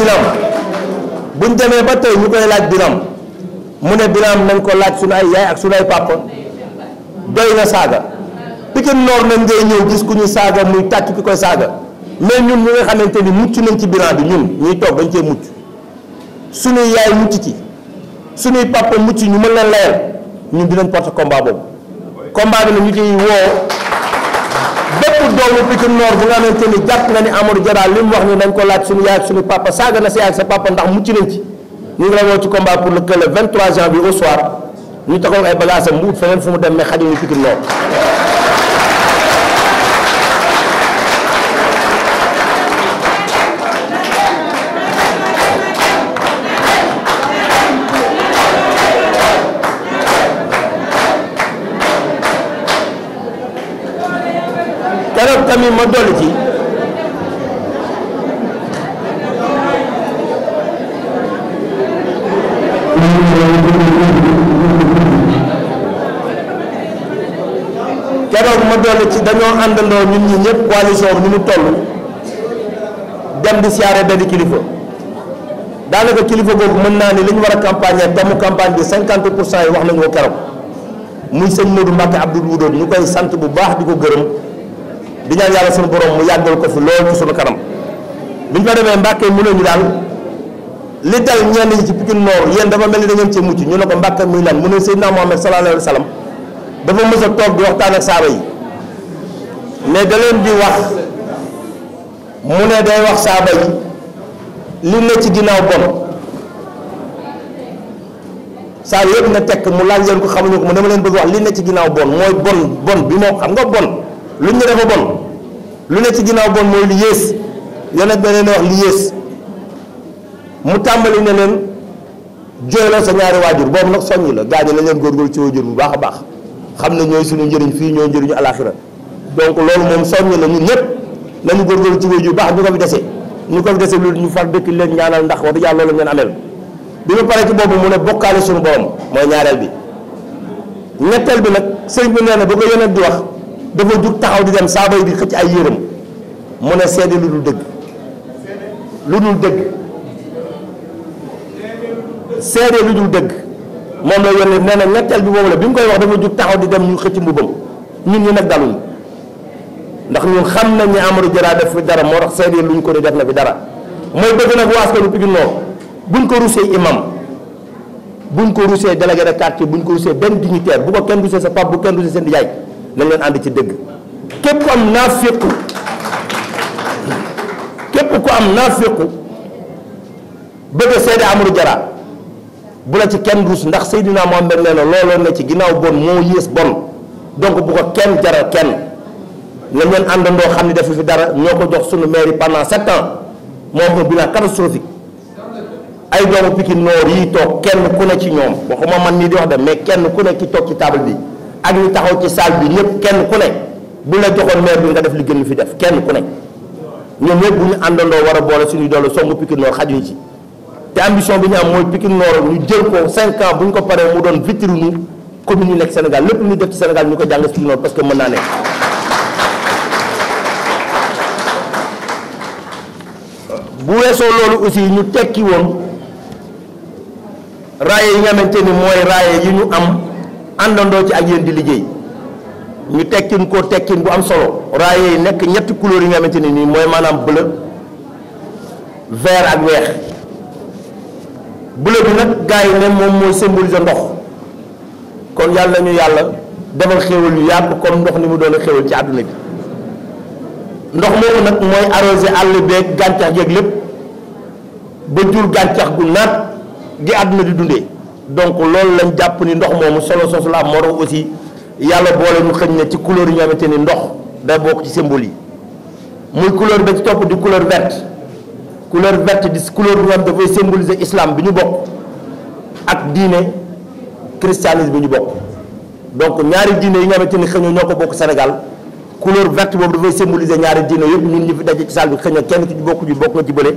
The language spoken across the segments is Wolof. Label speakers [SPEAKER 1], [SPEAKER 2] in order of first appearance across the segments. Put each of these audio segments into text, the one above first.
[SPEAKER 1] bilan buñ demee ba tey ñu koy laaj bilan mu ne bilan nañ ko laaj suñu ay yaay ak suñu ay papa doy na saaga Pikine Nord nañ ngay ñëw gis ku ñu saaga muy tàcc ki koy saaga mais ñun ñi nga xamante ni mucc nañ ci bilan bi ñun ñuy toog dañ cee mucc suñuy yaay mucc ci suñuy papa mucc ñu mën leen layal ñun dinañ porte combat boobu combat bi nag ñu ciy woo bépp doomu Pikine Nord bu nga xamante ni jàpp na ni Amadou Dia daal li mu wax ni dañ ko laaj suñu yaay suñu papa saaga na sa yaay sa papa ndax mucc nañ ci ñu ngi la woo ci combat pour le que le 23 janvier au soir ñu taxaw ay bagages am mu ut feneen fu mu dem mais xajuñu Pikine Nord tamit ma dolli ci keroog ma dolli ci dañoo àndandoo ñun ñi ñëpp coalition bi ni mu toll dem di siyaare benn kilifa daanaka kilifa boobu mën naa ni li ñu war a campagne te mu campagne bi cinquante pour cent yi wax nañu ko keroog muy sëñ Modou Mbacke Abdoul Wudoon ñu koy sant bu baax di ko gërëm di ñaan yàlla suñu borom mu yàggal ko fi lool ci suñu kanam bi ñu fa demee Mbàkke mu ne ñu daal li dal ñenn ñi ci Pikine Nord yéen dafa mel ni da ngeen cee mucc ñu ne ko Mbàkke muy lan mu ne Seydina Muhammad sallallahu alayhi wa sallam dafa mës a toog di waxtaan ak saaba yi da leen di mu ne li ne ci ginnaaw bon saaba yëpp na tekk mu laaj leen ko xamuñu ko mu dama leen bëgg wax li ne ci ginnaaw bon mooy bon bon bi moo xam nga bon lu ñu dafa bon lu ne ci ginnaaw bon mooy lu yées yonent ba leen wax lu yées mu tàmbali ne leen jooyloo sa ñaari waajur boobu nag soññi la gaañu la leen góorgóorlu ci waajur bu baax a baax xam ne ñooy suñu njëriñ fii ñooy njëriñu alaxira donc loolu moom soññi la ñun ñëpp nañu góorgóorlu ci waajur bu baax ñu ko fi dese ñu ko fi dese lu ñu far dëkk leen ñaanal ndax wax dëgg yàlla loolu ngeen ameel bi mu paree ci boobu mu ne bokkaale suñu borom mooy ñaareel bi ñetteel bi nag sëriñ bi nee na bu ko yonent di wax dafa jug taxaw di dem saaba yi di xëcc ay yërëm mu ne seede lu dul dëgg lu dul dëgg seede lu dul dëgg moom la yónnee nee na ñetteel bi boobu la bi mu koy wax dafa jug taxaw di dem ñu xëcc mbubam ñun ñu nag dalul ndax ñun xam nañ ni Amadou jara def fi dara moo tax seede luñ ko di def na fi dara mooy bëgg nag waas ko lu Pikine Nord buñ ko rusee imam buñ ko rusee délégué de quartier buñ ko rusee benn dignitaire bu ko kenn rusee sa pap bu kenn rusee seen nijaay nañ leen ànd ci dëgg képp ku am naafiqu képp ku am naafiqu bëgg a seede amul jara bu la ci kenn ruus ndax Seydina Mohamed nee na looloo ne ci ginnaaw bon moo yées bon donc bu ko kenn jaral kenn nañ leen àndandoo xam ne dafa fi dara ñoo ko jox sunu mairie pendant sept ans moo bi laa catastrophique ay doomu Pikine Nord yi toog kenn ku ne ci ñoom waxuma man nii di wax dem mais kenn ku ne ki toog ci table bi ak ñu taxaw ci salle bi ñëpp kenn ku ne bu la joxoon maire bi nga def li gën ñu fi def kenn ku ne ñoom ñëpp bu ñu àndandoo war a boole suñuy doole songu Pikine Nord xajuñ ci te ambition bi ñu am mooy Pikine Nord ñu jël ko 5 ans bu ñu ko paree mu doon vitrine ñu commune yi nekk Sénégal lépp lu ñu def ci Sénégal ñu ko jàng Pikine Nord parce que mën naa ne bu weesoo loolu aussi ñu tekki woon raaye yi nga xamante ni mooy raaye yi ñu am. àndandoo ci ak yéen di liggéey ñu tekkin koo tekkin bu am solo raaye yi nekk ñetti couleur yi nga xamante ne nii mooy manaam bleu vert ak weex bleu bi nag gars yi ne moom mooy symbolise ndox kon yàlla nañu yàlla defal xéwal yu yàgg comme ndox ni mu doon xéwal ci àdduna bi ndox moomu nag mooy arrosé àll beeg gàncax yeeg lépp ba jur gàncax gu naat gi àdduna di dundee donc loolu lañ japp ni ndox momu solo soosu la moo aussi yalla bolé ñu xëñ ne ci couleur yi nga xamante ni ndox day bok ci symbole yi muy couleur ba ci top di couleur verte couleur verte di couleur bu am dafay symboliser islam bi ñu bok ak diine christianisme bi ñu bok donc ñaari diine yi nga xamante ni xëñu ñoko bok Sénégal couleur verte da fay symboliser ñaari diine yëpp ñun ñi fi daje ci salle bi xëñu kenn ci bokk ñu bokk nga ci bële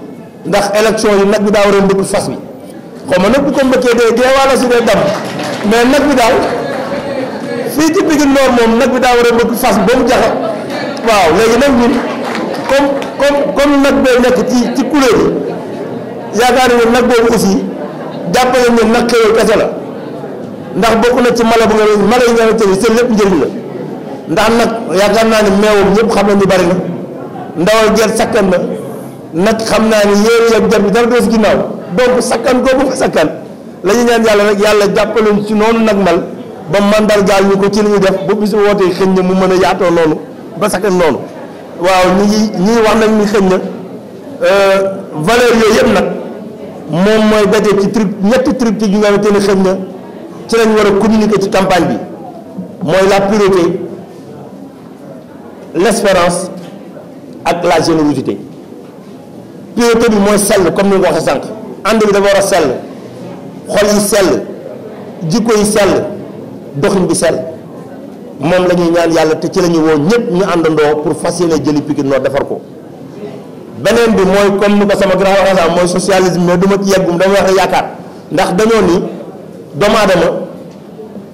[SPEAKER 1] ndax election yi nag bi daa war a ndëgg fas bi xaw ma nag bu ko mbëkkee dee dee wala su dee dam mais nag bi daal fii ci Pikine Nord moom nag bi daa war a mbëkk fas ba mu jaxa waaw léegi nag ñun comme comme comme nag bee nekk ci ci couleur yi yaakaar nañu nag boobu aussi jàppale ne nag xewal kese la ndax bokk na ci mala bu nga mala yi nga xamante ni seen lépp njëriñ la ndax nag yaakaar naa ne meewam ñëpp xam nañu bari na ndawal gerte sakkan na. nak xam ni yéen yeeg jam bi dara doos ginnaaw donc sakkan googu fa sakkan lañu ñaan yàlla rek yàlla jappaluñ ci non nak mal ba mandal gal ñuko ci liñu def bu bisu wote xëñna mu mëna yaato lolu ba sakkan noonu waaw ñi ngi ñii wax nañ ni ñi wax nan ni xëñna euh valeur yooyu yëpp nak mom moy daje ci trip ñetti trip ci ñu wéte ni xëñna ci lañu wara communiquer ci campagne bi moy la priorité l'espérance ak la générosité piété bi mooy sell comme ni nga ko waxee sànq ànd bi dafa war a sell xol yi sell jikko yi sell doxin bi sell moom la ñaan yàlla te ci la ñu woo ñëpp ñu àndandoo pour fas yéene jëli Pikine defar ko beneen bi mooy comme ni ko sama grand waxee sànq mooy socialisme mais du ma dama wax yaakaar ndax dañoo ni doomu aadama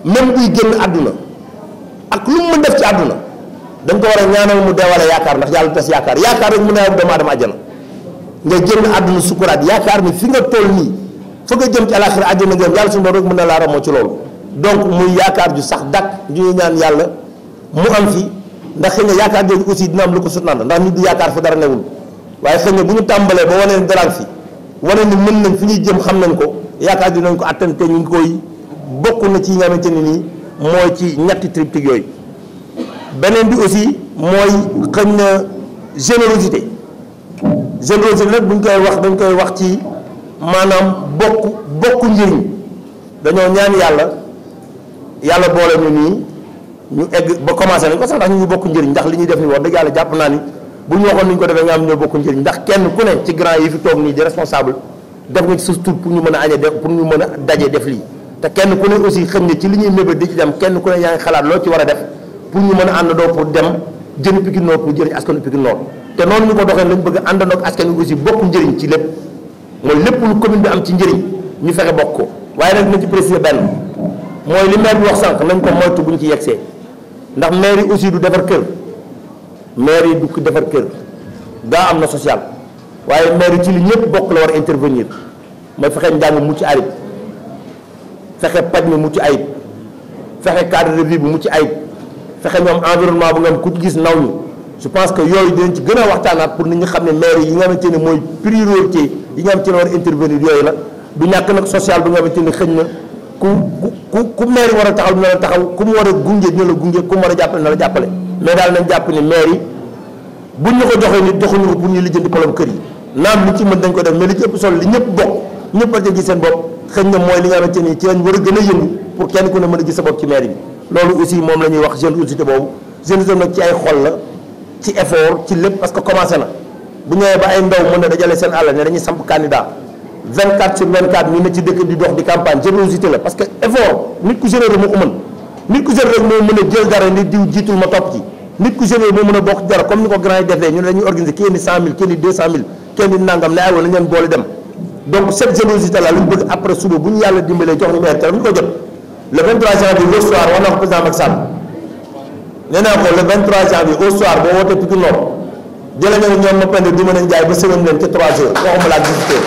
[SPEAKER 1] même buy génn àdduna ak lu mu mën def ci àdduna dañ ko war a ñaanal mu deewale yaakaar ndax yàlla tas yaakaar yaakaar rek mu ne nga génn àdduna sukuraat yaakaar ni fi nga toll nii fa jëm ci alaxira àjjana ngeen yàlla suñu borom rek mën na laa moo ci loolu donc muy yaakaar ju sax dakk ju ñu ñaan yàlla mu am fi ndax xëy na yaakaar jooju aussi dina am lu ko sutnaan ndax nit du yaakaar fa dara newul waaye xëy na bu ñu tàmbalee ba wanee ni daraan fi wane ni mën nañ fi ñuy jëm xam nañ ko yaakaar nañ ko attan te ñu koy bokk na ci ñamante ni nii mooy ci ñetti triptyque yooyu beneen bi aussi mooy xëy na générosité générosité nag ñu koy wax dañ koy wax ci maanaam bokk bokku njëriñ dañoo ñaan yàlla yàlla boole ñu nii ñu egg ba commencé nañ ko sax ndax ñu bokk njëriñ ndax li ñu def ni wax dëgg yàlla jàpp naa ni bu ñu waxoon ni ko defee nga am ñoo bokk njëriñ ndax kenn ku ne ci grand yi fi toog nii di responsable def nga ci pour ñu mën a añe def pour ñu mën a daje def lii te kenn ku ne aussi xëy na ci li ñuy mébét di ci dem kenn ku ne yaa ngi xalaat loo ci war a def pour ñu mën a àndandoo pour dem jëriñ Pikine Nord pour jëriñ askanu Pikine Nord te noonu ñu ko doxee lañ bëgg àndandoo ak askan wi aussi bokk njëriñ ci lépp mooy lépp lu commune bi am ci njëriñ ñu fexe bokk ko waaye nag nañ ci préciser benn mooy li maire bi wax sànq nañ ko moytu buñ ci yegsee ndax maire yi aussi du defar kër maire yi du ko defar kër gaa am na social waaye maire yi ci li ñëpp bokk la war a intervenir mooy fexe njàng mucc ayib fexe paj mi mucc ayib fexe cadre de vie bu mucc ayib fexe ñoom am environnement bu nga am ku gis naw ñu je pense que yooyu dinañ ci gën a waxtaanaat pour nit ñi xam ne maire yi nga xamante ne mooy priorité yi nga xamante ne war a yooyu la du ñàkk nag social bi nga xamante ne xëñ na ku ku ku war a taxaw dina la taxaw war a gunge dina la gunge ku mu war a jàppale dina la jàppale mais daal jàpp ne maire yi buñ ñu ko joxee ko pour ñu lijjanti problème kër yi naam li ci mën dañ ko def mais li ci ëpp solo li ñëpp bokk a gis ni ci lañ war a gën a yëngu pour kenn ku ne mën a gis sa bopp ci maire bi loolu aussi moom la ñuy wax générosité boobu générosité nag ci ay xol la ci effort ci lépp parce que commencé na bu ñëwee ba ay ndaw mën na dajale seen àll ne dañuy samp candidat 24 sur 24 ñu ne ci dëkk di dox di campagne générosité la parce que effort nit ku généreux moo ko mën nit ku généreux moo mën nit ku généreux moo mën lu ñu bëgg après suba bu ñu yàlla dimbalee jox ñu maire ñu ko jot le 23 janvier au soir on a ko président Macky Sall nee ko le 23 janvier au soir boo wootee Pikine Nord jëlee na ñoom ma pende du mën a njaay ba semaine leen ca 3 heures waxuma laa 18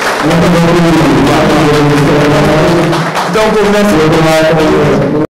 [SPEAKER 1] on donc merci.